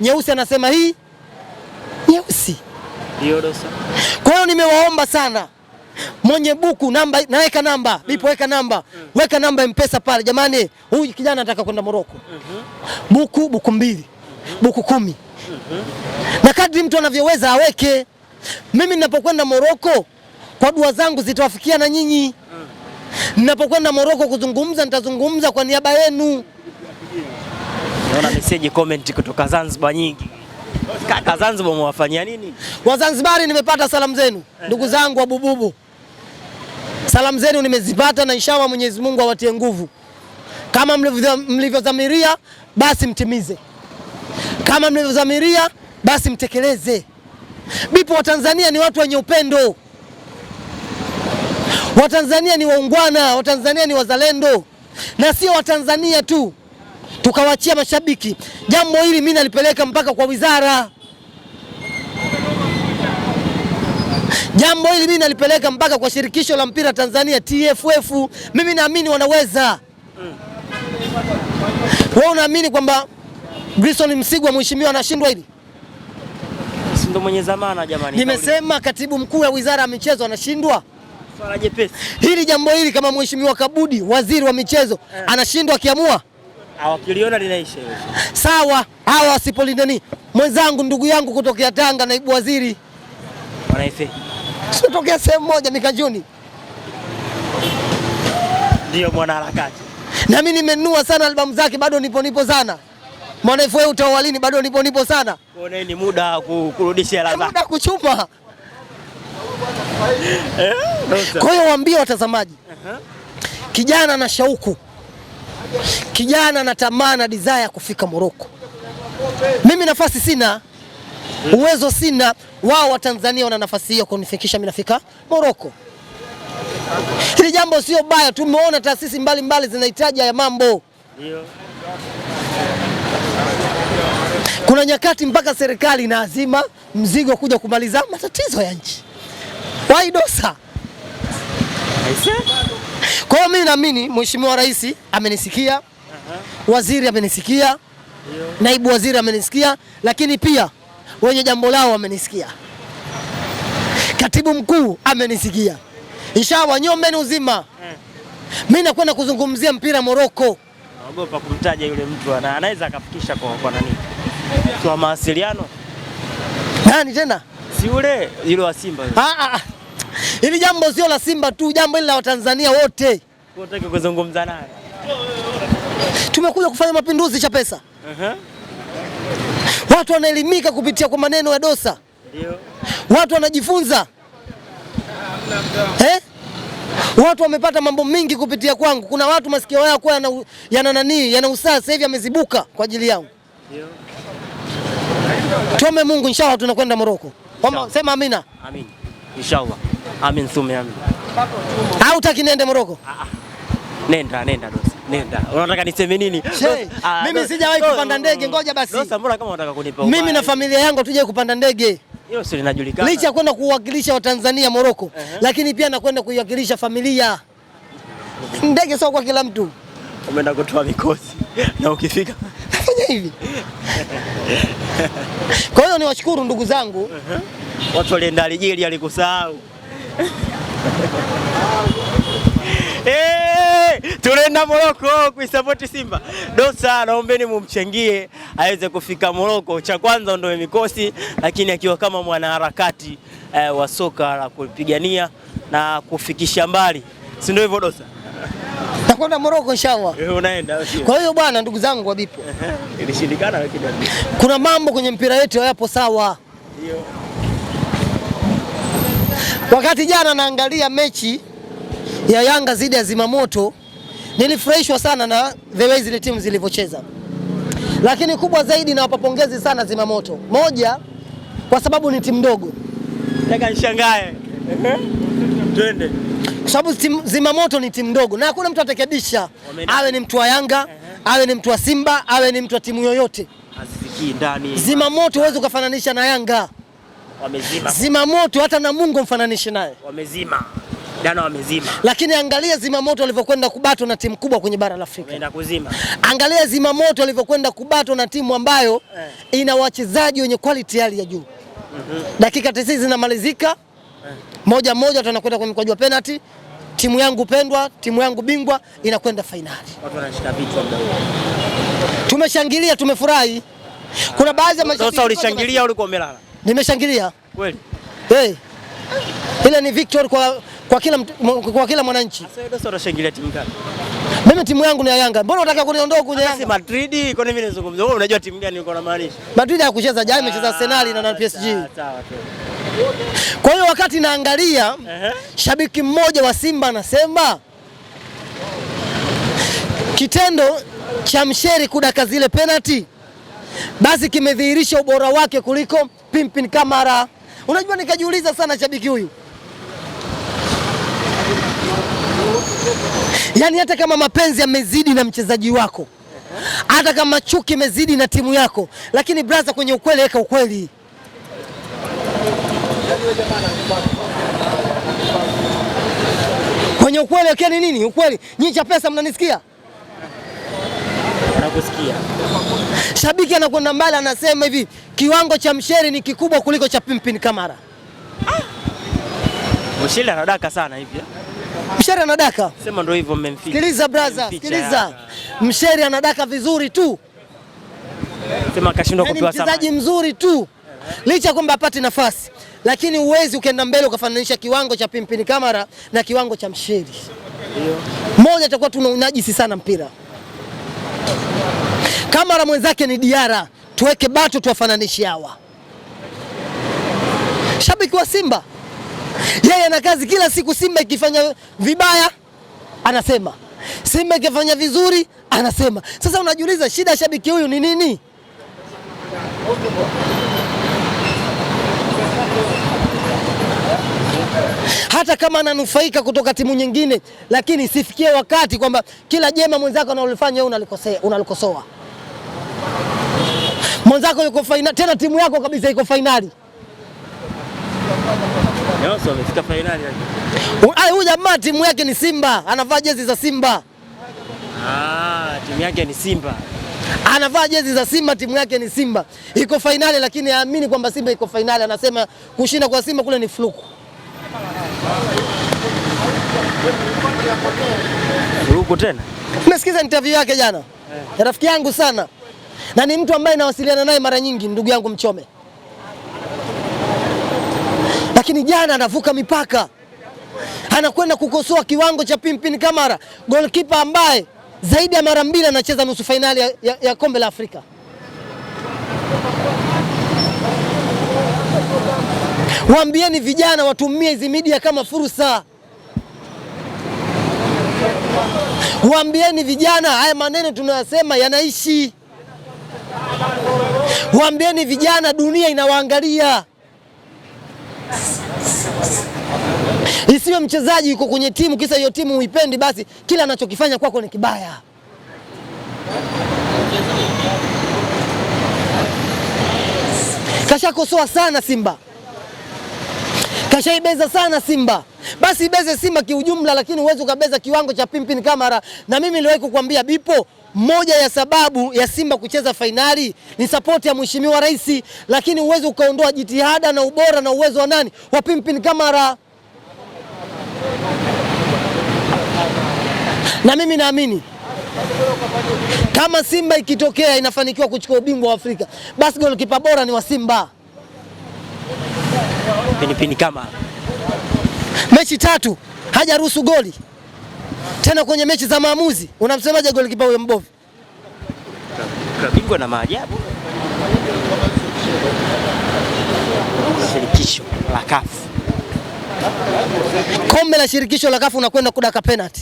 nyeusi anasema hii nyeusi. Kwa hiyo nimewaomba sana mwenye buku namba na mm. weka namba bipo, weka namba, weka namba mpesa pale. Jamani, huyu kijana anataka kwenda Moroko, mm-hmm. buku buku mbili, mm-hmm. buku kumi, mm-hmm. na kadri mtu anavyoweza aweke. Mimi ninapokwenda Moroko kwa dua zangu zitawafikia na nyinyi. Mm. Ninapokwenda Moroko kuzungumza, nitazungumza kwa niaba yenu. Naona message comment kutoka Zanzibar nyingi. Kaka Zanzibar mwafanyia nini? Wazanzibari, nimepata salamu zenu ndugu zangu wa Bububu. Salamu zenu nimezipata na inshallah Mwenyezi Mungu awatie nguvu. Kama mlivyodhamiria basi mtimize. Kama mlivyodhamiria basi mtekeleze. Bipo Watanzania ni watu wenye upendo. Watanzania ni waungwana, Watanzania ni wazalendo na sio Watanzania tu tukawachia mashabiki. Jambo hili mimi nalipeleka mpaka kwa wizara, jambo hili mimi nalipeleka mpaka kwa shirikisho la mpira Tanzania TFF. Mimi naamini wanaweza. Wewe unaamini kwamba Grison Msigwa mheshimiwa anashindwa hili? Mwenye zamana jamani, nimesema katibu mkuu wa wizara ya michezo anashindwa swala jepesi hili. Jambo hili kama mheshimiwa Kabudi waziri wa michezo eh, anashindwa akiamua hawakiliona linaisha Sawa, hawa wasipolindani mwenzangu, ndugu yangu kutokea Tanga, naibu waziri Wanaife. Sitokea sehemu moja kajuni Ndio mwanaharakati. Na mimi nimenunua sana albamu zake bado nipo nipo sana. Mwanaife wewe utawalini bado nipo nipo sana. Kuona ni muda kurudisha hela zako. Muda kuchuma. Eh, Kwa hiyo waambie watazamaji. Uh-huh. Kijana na shauku Kijana anatamana desire ya kufika Moroko. Mimi nafasi sina, uwezo sina, wao Watanzania wana nafasi hiyo kunifikisha mimi nafika Moroko. Hili jambo sio baya, tumeona taasisi mbalimbali zinahitaji haya mambo. Kuna nyakati mpaka serikali inaazima mzigo kuja kumaliza matatizo ya nchi. Waidosa kwa hiyo mimi naamini Mheshimiwa Rais amenisikia, waziri amenisikia, naibu waziri amenisikia, lakini pia wenye jambo lao wamenisikia, katibu mkuu amenisikia. Inshallah nyombeni uzima. Hmm. Mimi nakwenda kuzungumzia mpira Morocco. Naogopa kumtaja yule mtu, anaweza akafikisha kwa kwa nani? Kwa mawasiliano. Nani tena? Si yule yule wa Simba yule. Ah ah. ah. Hili jambo sio la Simba tu, jambo hili la Watanzania wote. Unataka kuzungumza naye? Tumekuja kufanya mapinduzi pesa. uh -huh. Watu wanaelimika kupitia kwa maneno ya Dosa. Ndio. Watu wanajifunza eh? Watu wamepata mambo mingi kupitia kwangu. Kuna watu masikio yao kwa yana, yana nani yana usaa sasa hivi amezibuka kwa ajili yangu. Ndio. Tuombe Mungu inshallah tunakwenda Moroko. Sema amina. Amina. Inshallah. Amin thumma amin. Hautaki nende Morocco? Ah, ah. Nenda, nenda dosa. Nenda. Unataka niseme nini? Mimi ah, sijawahi kupanda ndege, ngoja basi. Dosa, mbona kama unataka kunipa? Mimi na familia yangu tuje kupanda ndege. Hiyo si linajulikana. Licha kwenda kuwakilisha Watanzania Morocco, uh -huh. Lakini pia nakwenda kuiwakilisha familia. Ndege sio kwa kila mtu. Umeenda kutoa mikosi na ukifika fanya hivi. Kwa hiyo niwashukuru ndugu zangu. uh -huh watu walienda Algeria, alikusahau tunaenda Moroko oh, kuisapoti Simba. Dosa naombeni mumchangie aweze kufika Moroko. Cha kwanza ondoe mikosi, lakini akiwa kama mwanaharakati eh, wa soka la kupigania na kufikisha mbali, si ndio hivyo Dosa? Takwenda Moroko inshallah. Eh, unaenda. Kwa hiyo bwana, ndugu zangu wabipo, ilishindikana, lakini kuna mambo kwenye mpira wetu hayapo sawa. Ndio. Wakati jana naangalia mechi ya Yanga zidi ya Zimamoto nilifurahishwa sana na the way zile timu zilivyocheza, lakini kubwa zaidi nawapa pongezi sana Zimamoto. Moja, kwa sababu ni timu ndogo, Taka nishangae twende, kwa sababu Zimamoto ni timu ndogo na hakuna mtu atakebisha, awe ni mtu wa Yanga, awe ni mtu wa Simba, awe ni mtu wa timu yoyote. Zimamoto huwezi ukafananisha na Yanga. Wamezima. Zima moto hata na Mungu mfananishe naye. Wamezima. Jana wamezima. Lakini angalia zima moto walivyokwenda kubatwa na timu kubwa kwenye bara la Afrika. Wameenda kuzima. Angalia zima moto walivyokwenda kubatwa na timu ambayo eh, ina wachezaji wenye quality hali ya juu. Mm -hmm. Dakika 90 zinamalizika. Eh. Moja moja tunakwenda kwenye mkwaju wa penalty. Timu yangu pendwa, timu yangu bingwa inakwenda fainali. Watu wanashika vitu muda huo. Tumeshangilia, tumefurahi. Kuna baadhi ya mashabiki. Sasa ulishangilia ulikuwa umelala? Nimeshangilia kweli. Hey. Ile ni victory kwa, kwa kila, kwa kila mwananchi. Sasa unashangilia timu gani? Mimi timu yangu ni ya Yanga. Mbona unataka kuniondoa kwenye Yanga? Si Madrid, kwa nini nizungumze? Wewe unajua timu gani uko maanisha? Madrid hakucheza jana, imecheza ah, Arsenal na PSG. Sawa tu. Kwa hiyo wakati naangalia uh -huh. Shabiki mmoja wa Simba anasema kitendo cha msheri kudaka zile penalty basi kimedhihirisha ubora wake kuliko Pimpin Kamara. Unajua, nikajiuliza sana shabiki huyu, yaani hata kama mapenzi yamezidi na mchezaji wako, hata kama chuki imezidi na timu yako, lakini braza, kwenye ukweli weka ukweli. Kwenye ukweli wekeni nini? Ukweli. Nyinyi cha pesa mnanisikia? kusikia. Shabiki anakwenda mbali, anasema hivi kiwango cha Msheri ni kikubwa kuliko cha Pimpin Kamara. Ah! Msheri anadaka sana hivi. Eh? Msheri anadaka. Sema ndio hivyo mmemficha. Sikiliza brother, sikiliza. Msheri anadaka vizuri tu. Sema kashindwa yaani kupewa sana. mchezaji mzuri tu. Licha kwamba apate nafasi, lakini uwezi ukaenda mbele ukafananisha kiwango cha Pimpin Kamara na kiwango cha Msheri. Ndio. Moja atakuwa tuna unajisi sana mpira. Kamara mwenzake ni Diara, tuweke bato tuwafananishi hawa. Shabiki wa Simba yeye ana kazi kila siku. Simba ikifanya vibaya anasema, Simba ikifanya vizuri anasema. Sasa unajiuliza shida ya shabiki huyu ni nini? hata kama ananufaika kutoka timu nyingine, lakini sifikie wakati kwamba kila jema mwenzako analofanya wewe unalikosea, unalikosoa mwenzako yuko final, tena timu yako kabisa iko fainali. Huyu jamaa timu yake ni Simba, anavaa jezi za Simba. Ah, timu yake ni Simba, anavaa jezi za Simba, timu yake ni Simba, iko fainali, lakini aamini kwamba Simba iko fainali. Anasema kushinda kwa Simba kule ni fluku. Fluku tena, umesikiza interview yake jana, eh. rafiki yangu sana na ni mtu ambaye nawasiliana naye mara nyingi, ndugu yangu Mchome, lakini jana anavuka mipaka, anakwenda kukosoa kiwango cha Pimpin Kamara, golkipa ambaye zaidi ya mara mbili anacheza nusu fainali ya, ya, ya kombe la Afrika. Waambieni vijana watumie hizi media kama fursa. Waambieni vijana haya maneno tunayosema yanaishi. Waambieni vijana, dunia inawaangalia. Isiwe mchezaji yuko kwenye timu, kisa hiyo timu huipendi, basi kila anachokifanya kwako ni kibaya. Kashakosoa sana Simba, kashaibeza sana Simba basi ibeze Simba kiujumla, lakini huwezi ukabeza kiwango cha Pimpin Kamara. Na mimi niliwahi kukwambia Bipo, moja ya sababu ya Simba kucheza fainali ni sapoti ya mheshimiwa rais, lakini huwezi ukaondoa jitihada na ubora na uwezo wa nani wa Pimpin Kamara. Na mimi naamini kama Simba ikitokea inafanikiwa kuchukua ubingwa wa Afrika, basi golikipa bora ni wa Simba Pimpin Kamara mechi tatu hajaruhusu goli tena kwenye mechi za maamuzi, unamsemaje golikipa huyo mbovu? Kabingwa na maajabu. Shirikisho la kafu, kombe la shirikisho la kafu, unakwenda kudaka penalty.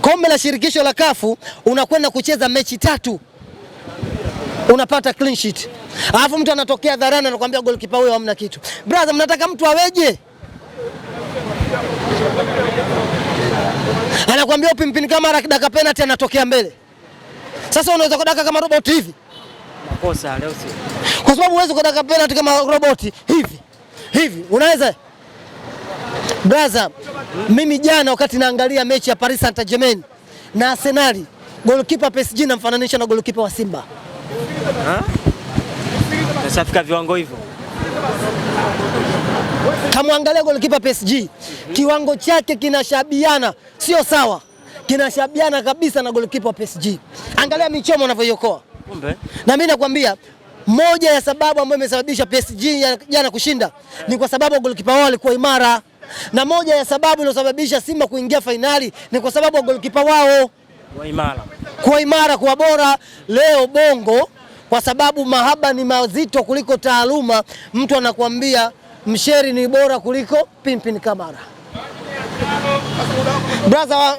Kombe la shirikisho la kafu unakwenda kucheza mechi tatu, unapata clean sheet. Alafu mtu anatokea dharana anakuambia golikipa huyo hamna kitu. Brother, mnataka mtu aweje? Anakuambia upimpini kama dakika penalty anatokea mbele. Sasa unaweza kudaka kama robot hivi. Makosa leo si. Kwa sababu uweze kudaka penalty kama robot hivi. Hivi unaweza? Brother, mimi jana wakati naangalia mechi ya Paris Saint-Germain na Arsenal, golikipa PSG namfananisha na golikipa wa Simba. Ha? Shafika viwango hivyo. Kamwangalia golikipa PSG, kiwango chake kinashabiana, sio sawa, kinashabiana kabisa na golikipa wa PSG. Angalia michomo anavyoiokoa. Na mimi nakwambia moja ya sababu ambayo imesababisha PSG jana kushinda ni kwa sababu golikipa wao alikuwa imara, na moja ya sababu iliyosababisha Simba kuingia fainali ni kwa sababu golikipa wao kuwa imara, kuwa imara, kuwa bora. Leo Bongo kwa sababu mahaba ni mazito kuliko taaluma. Mtu anakuambia msheri ni bora kuliko Pimpin Kamara. Brother, wa,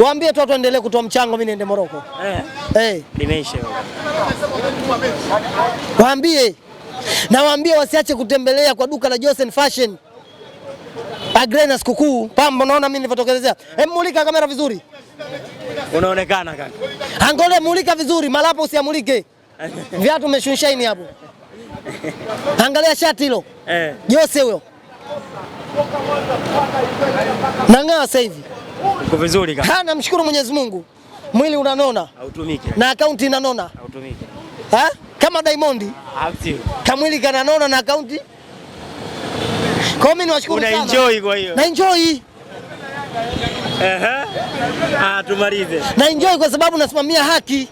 waambie tu watu waendelee kutoa mchango, mimi niende Moroko eh. Hey. Eh. Limeisha. Waambie na waambie wasiache kutembelea kwa duka la Josen Fashion agrena sikukuu pambo. Naona mimi nilivyotokelezea. Hem, mulika kamera vizuri, unaonekana kaka. Angole mulika vizuri, malapo usiamulike viatu umeshushaini hapo, angalia shati hilo eh. Jose huyo nang'aa sasa hivi uko vizuri kaka. Namshukuru Mwenyezi Mungu, mwili unanona hautumiki, na akaunti inanona hautumiki. Ha? kama Diamond kamwili kananona na akaunti kwa mimi niwashukuru sana. Una Enjoy kwa hiyo. Na enjoy. Aha. Ah, tumalize. Na enjoy kwa sababu nasimamia haki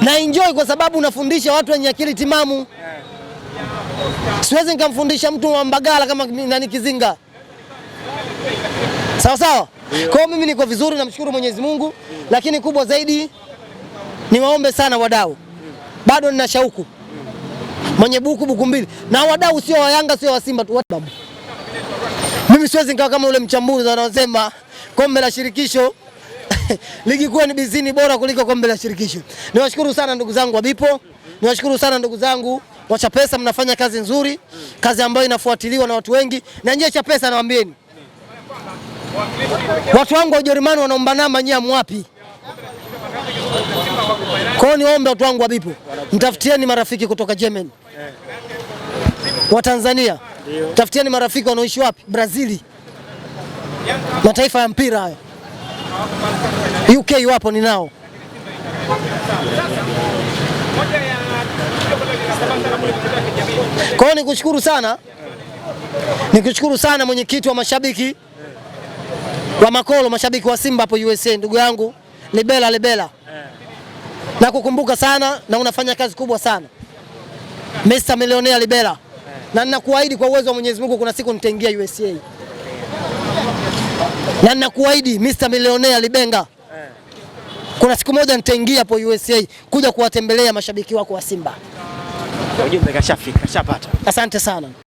na enjoy kwa sababu unafundisha watu wenye akili timamu. Siwezi nikamfundisha mtu wa Mbagala kama nani Kizinga, sawa sawa. Kwa mimi niko vizuri, namshukuru Mwenyezi Mungu, lakini kubwa zaidi niwaombe sana wadau, bado nina shauku mwenye buku buku mbili na wadau, sio wa Yanga sio wa Simba tu. Mimi siwezi nikawa kama ule mchambuzi anasema kombe la shirikisho ligi kuu NBC bora kuliko kombe la shirikisho. Niwashukuru sana ndugu zangu wa Bipo, niwashukuru sana ndugu zangu wa mnafanya kazi nzuri, kazi ambayo inafuatiliwa na watu wengi. Na nyie Chapesa, nawaambieni watu wangu wa Ujerumani wanaomba namba, nyie amwapi kwao. Niwaombe watu wangu wa Bipo, mtafutieni marafiki kutoka Germany, wa Tanzania tafutieni marafiki wanaoishi wapi Brazili, mataifa ya mpira hayo. UK wapo ni nao kwa hiyo nikushukuru sana, nikushukuru sana mwenyekiti wa mashabiki wa Makolo, mashabiki wa Simba hapo USA, ndugu yangu Libela Libela, na kukumbuka sana na unafanya kazi kubwa sana Mr. Millionaire Libela, na ninakuahidi kwa uwezo wa Mwenyezi Mungu kuna siku nitaingia USA, na ninakuahidi Mr. Millionaire Libenga. Kuna siku moja nitaingia hapo USA kuja kuwatembelea mashabiki wako wa Simba. Ujumbe kashafika, kashapata. Asante sana.